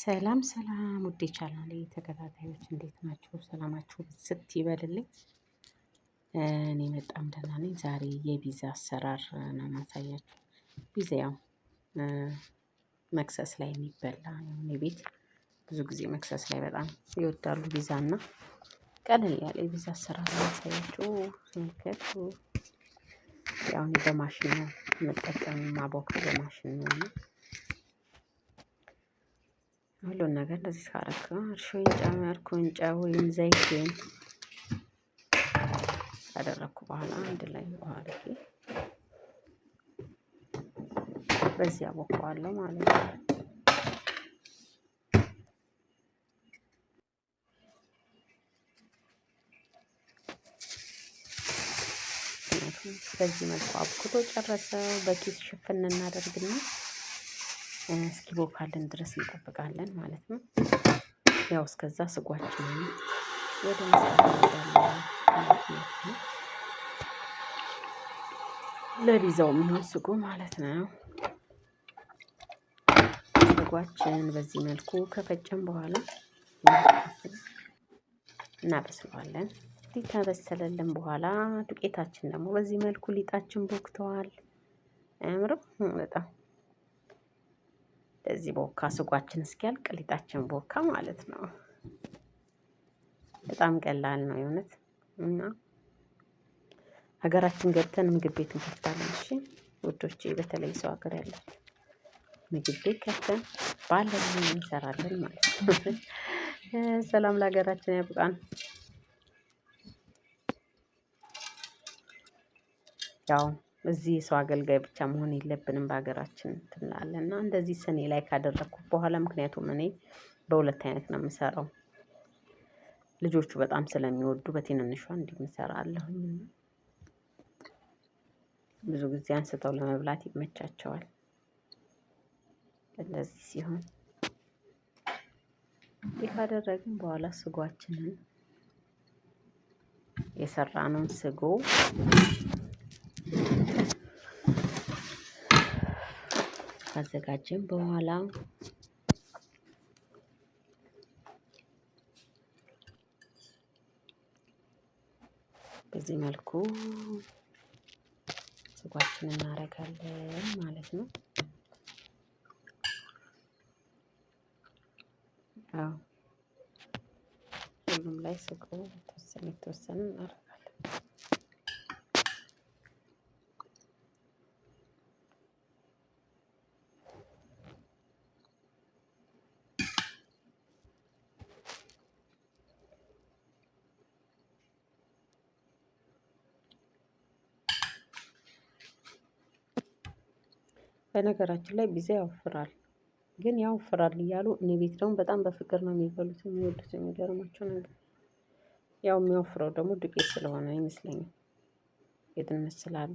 ሰላም ሰላም ውዴ ቻናሌ ተከታታዮች እንዴት ናችሁ? ሰላማችሁ ስት ይበልልኝ። እኔ በጣም ደህና ነኝ። ዛሬ የቪዛ አሰራር ነው ማሳያችሁ። ቪዛ ያው መክሰስ ላይ የሚበላ ነው። ቤት ብዙ ጊዜ መክሰስ ላይ በጣም ይወዳሉ ቪዛ እና ቀለል ያለ የቪዛ አሰራር ነው ማሳያችሁ። ስንከቱ ያው በማሽን ነው የምጠቀም ማቦካ በማሽን ነው ሁሉን ነገር እንደዚህ ሳረክ እርሾን ጨመርኩኝ፣ ወይም ዘይቴን ካደረግኩ በኋላ አንድ ላይ ውሃ በዚህ አቦካዋለሁ ማለት ነው። በዚህ መልኩ አብኩቶ ጨረሰው። በኪስ ሽፍን እናደርግና እስኪቦካልን ድረስ እንጠብቃለን ማለት ነው። ያው እስከዛ ስጓችንን ወደ መስራት ለቢዛው የሚሆን ስጉ ማለት ነው። ስጓችን በዚህ መልኩ ከፈጨን በኋላ እናበስለዋለን። ሊጥ ከበሰለልን በኋላ ዱቄታችን ደግሞ በዚህ መልኩ ሊጣችን ቦክተዋል። አያምርም በጣም እዚህ ቦካ ስጓችን እስኪያልቅ ሊጣችን ቦካ ማለት ነው። በጣም ቀላል ነው የእውነት እና ሀገራችን ገብተን ምግብ ቤት እንከፍታለን። እሺ ውዶቼ፣ በተለይ ሰው ሀገር ያላችሁ ምግብ ቤት ከፍተን ባለን እንሰራለን ማለት ነው። ሰላም ለሀገራችን ያብቃን። ያው እዚህ የሰው አገልጋይ ብቻ መሆን የለብንም በሀገራችን ትምላለህ እና እንደዚህ ስኔ ላይ ካደረግኩ በኋላ ምክንያቱም እኔ በሁለት አይነት ነው የምሰራው ልጆቹ በጣም ስለሚወዱ በትንንሿ እንዲምሰራለሁ ብዙ ጊዜ አንስተው ለመብላት ይመቻቸዋል። እንደዚህ ሲሆን ይህ ካደረግን በኋላ ስጓችንን የሰራነውን ስጎ ካዘጋጀን በኋላ በዚህ መልኩ ስጓችን እናደርጋለን ማለት ነው። ሁሉም ላይ ስጎ የተወሰነ የተወሰነ በነገራችን ላይ ቢዛ ያወፍራል፣ ግን ያወፍራል እያሉ እኔ ቤት ደግሞ በጣም በፍቅር ነው የሚበሉት የሚወዱት። የሚገርማቸው ነገር ያው የሚያወፍረው ደግሞ ዱቄት ስለሆነ ይመስለኛል፣ ጌጥነት ስላለ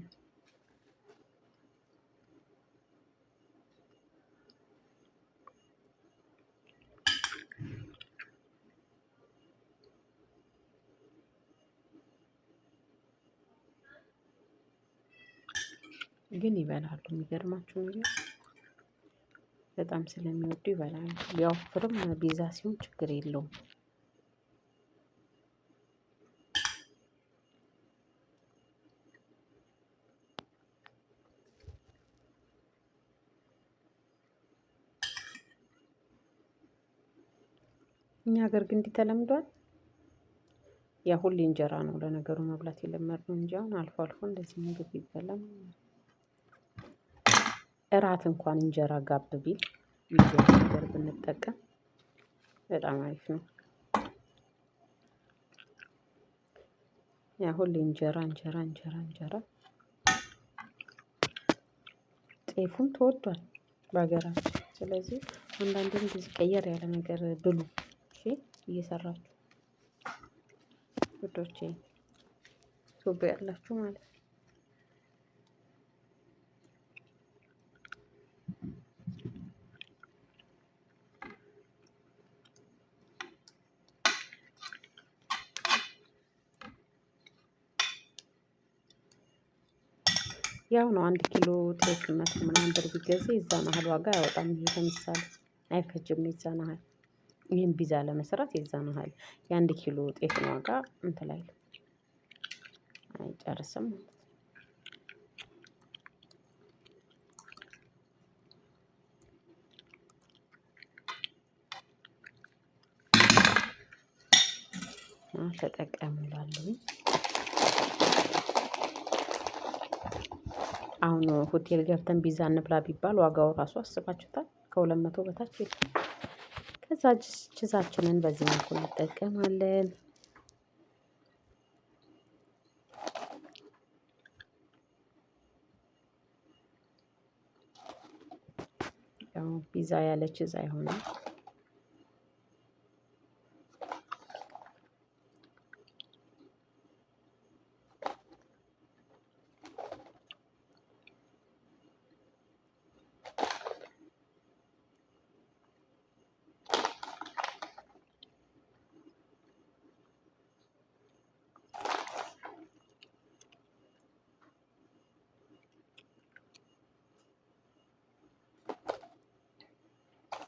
ግን ይበላሉ። የሚገርማችሁ ነገር በጣም ስለሚወዱ ይበላሉ። ቢያወፍርም ቢዛ ሲሆን ችግር የለውም። እኛ ሀገር ግን እንዲህ ተለምዷል። ያ ሁሌ እንጀራ ነው። ለነገሩ መብላት የለመድነው እንጂ አሁን አልፎ አልፎ እንደዚህ ምግብ ይበላል። እራት እንኳን እንጀራ ጋብ ቢል እንጀራ ነገር ብንጠቀም በጣም አሪፍ ነው። ያ ሁሌ እንጀራ እንጀራ እንጀራ እንጀራ። ጤፉም ተወዷል በሀገራችን። ስለዚህ አንዳንዴም ጊዜ ቀየር ያለ ነገር ብሉ። እየሰራችሁ ውዶቼ ሱብ ያላችሁ ማለት ነው። ያው ነው አንድ ኪሎ ጤፍ ይመት ምናምን ብር ቢገዛ የዛን ያህል ዋጋ አያወጣም። ይሄ ለምሳሌ አይፈጅም የዛን ያህል ይህን ቢዛ ለመስራት የዛን ያህል የአንድ ኪሎ ጤፍ ዋጋ እንትን ላይ አይጨርስም። ተጠቀሙ አሁን ሆቴል ገብተን ቢዛ እንብላ ቢባል ዋጋው ራሱ አስባችሁታል? ከሁለት መቶ በታች የለም። ከዛ ችዛችንን በዚህ መልኩ እንጠቀማለን። ቢዛ ያለ ችዛ አይሆንም።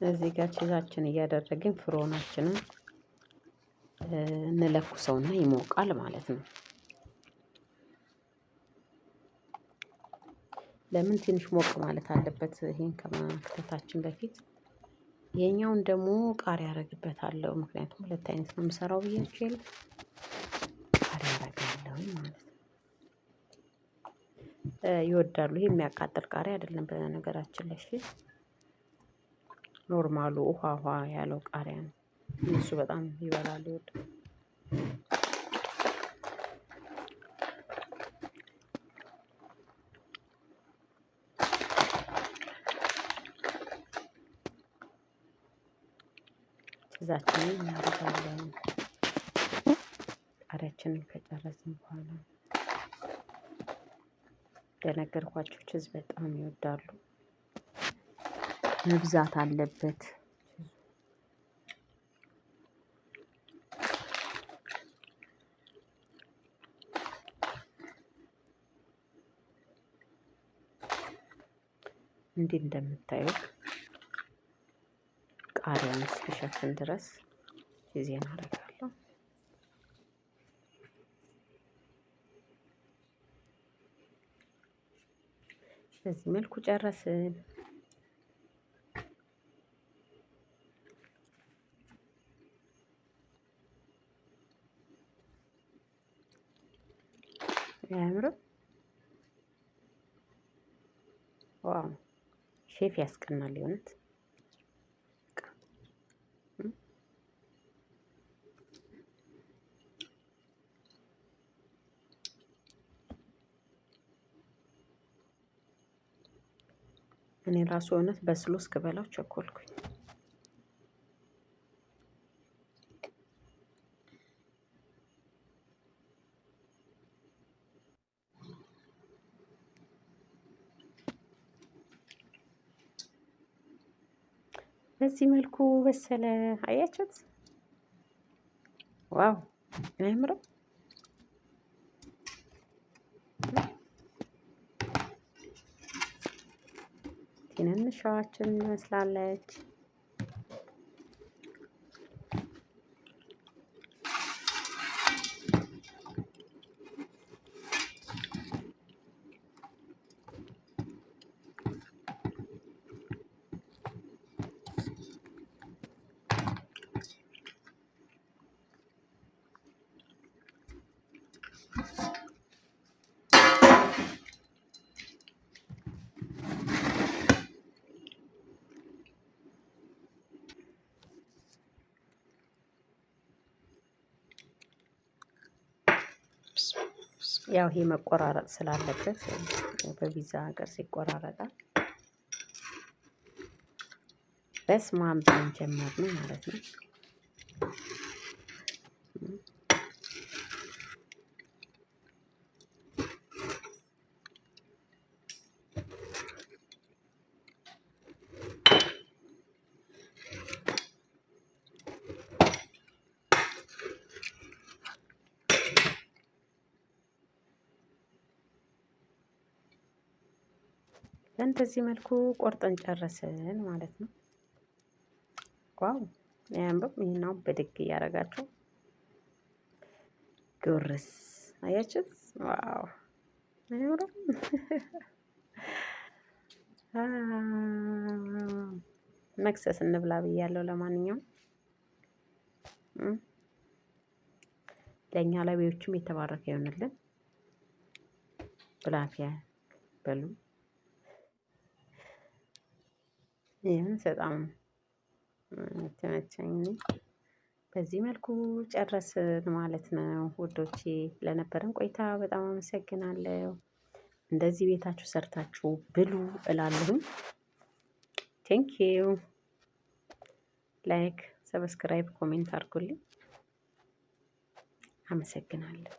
እዚህ ጋር ቺዛችን እያደረግን ፍሮናችንን እና ይሞቃል ማለት ነው። ለምን ትንሽ ሞቅ ማለት አለበት፣ ይሄን ከማክተታችን በፊት የኛውን ደግሞ ቃሪያ አረግበታለሁ። ምክንያቱም ሁለት አይነት ነው የምሰራው ብያችሁ የለ ቃሪያ አረጋለሁ ማለት ነው። ይወዳሉ። ይሄ የሚያቃጥል ቃሪያ አይደለም በነገራችን ላይ ኖርማሉ ውሃ ውሃ ያለው ቃሪያ ነው። እነሱ በጣም ይበላሉ ወደ እዛችን እናደርጋለን። ቃሪያችንን ከጨረስን በኋላ እንደነገርኳችሁ ችዝ በጣም ይወዳሉ። መብዛት አለበት። እንዲህ እንደምታዩት ቃሪያን እስኪሸፍን ድረስ ጊዜ አደርጋለሁ። በዚህ መልኩ ጨረስን። አያምርም? ዋው ሼፍ ያስቀናል። የሆነት እኔ ራሱ እውነት በስሎ እስክበላው ቸኮልኩኝ። በዚህ መልኩ በሰለ። አያችሁት? ዋው አያምርም? ትንንሿችን ትመስላለች። ያው ይሄ መቆራረጥ ስላለበት በቪዛ ቅርጽ ይቆራረጣል። በስማም ብለን ጀመርን ማለት ነው። አድርገን በዚህ መልኩ ቆርጠን ጨረስን ማለት ነው። ዋው ያንበብ ይህናው በድግ እያደረጋችሁ ጉርስ አያችሁት? ዋው አይምሩም? መክሰስ እንብላ ብያለሁ። ለማንኛውም ለእኛ ለቤዎቹም የተባረከ ይሆንልን። ብላፊያ በሉ ይህን በጣም ተመቸኝ። በዚህ መልኩ ጨረስን ማለት ነው ውዶቼ። ለነበረን ቆይታ በጣም አመሰግናለሁ። እንደዚህ ቤታችሁ ሰርታችሁ ብሉ እላለሁኝ። ቴንክ ዩ። ላይክ፣ ሰብስክራይብ፣ ኮሜንት አድርጉልኝ። አመሰግናለሁ።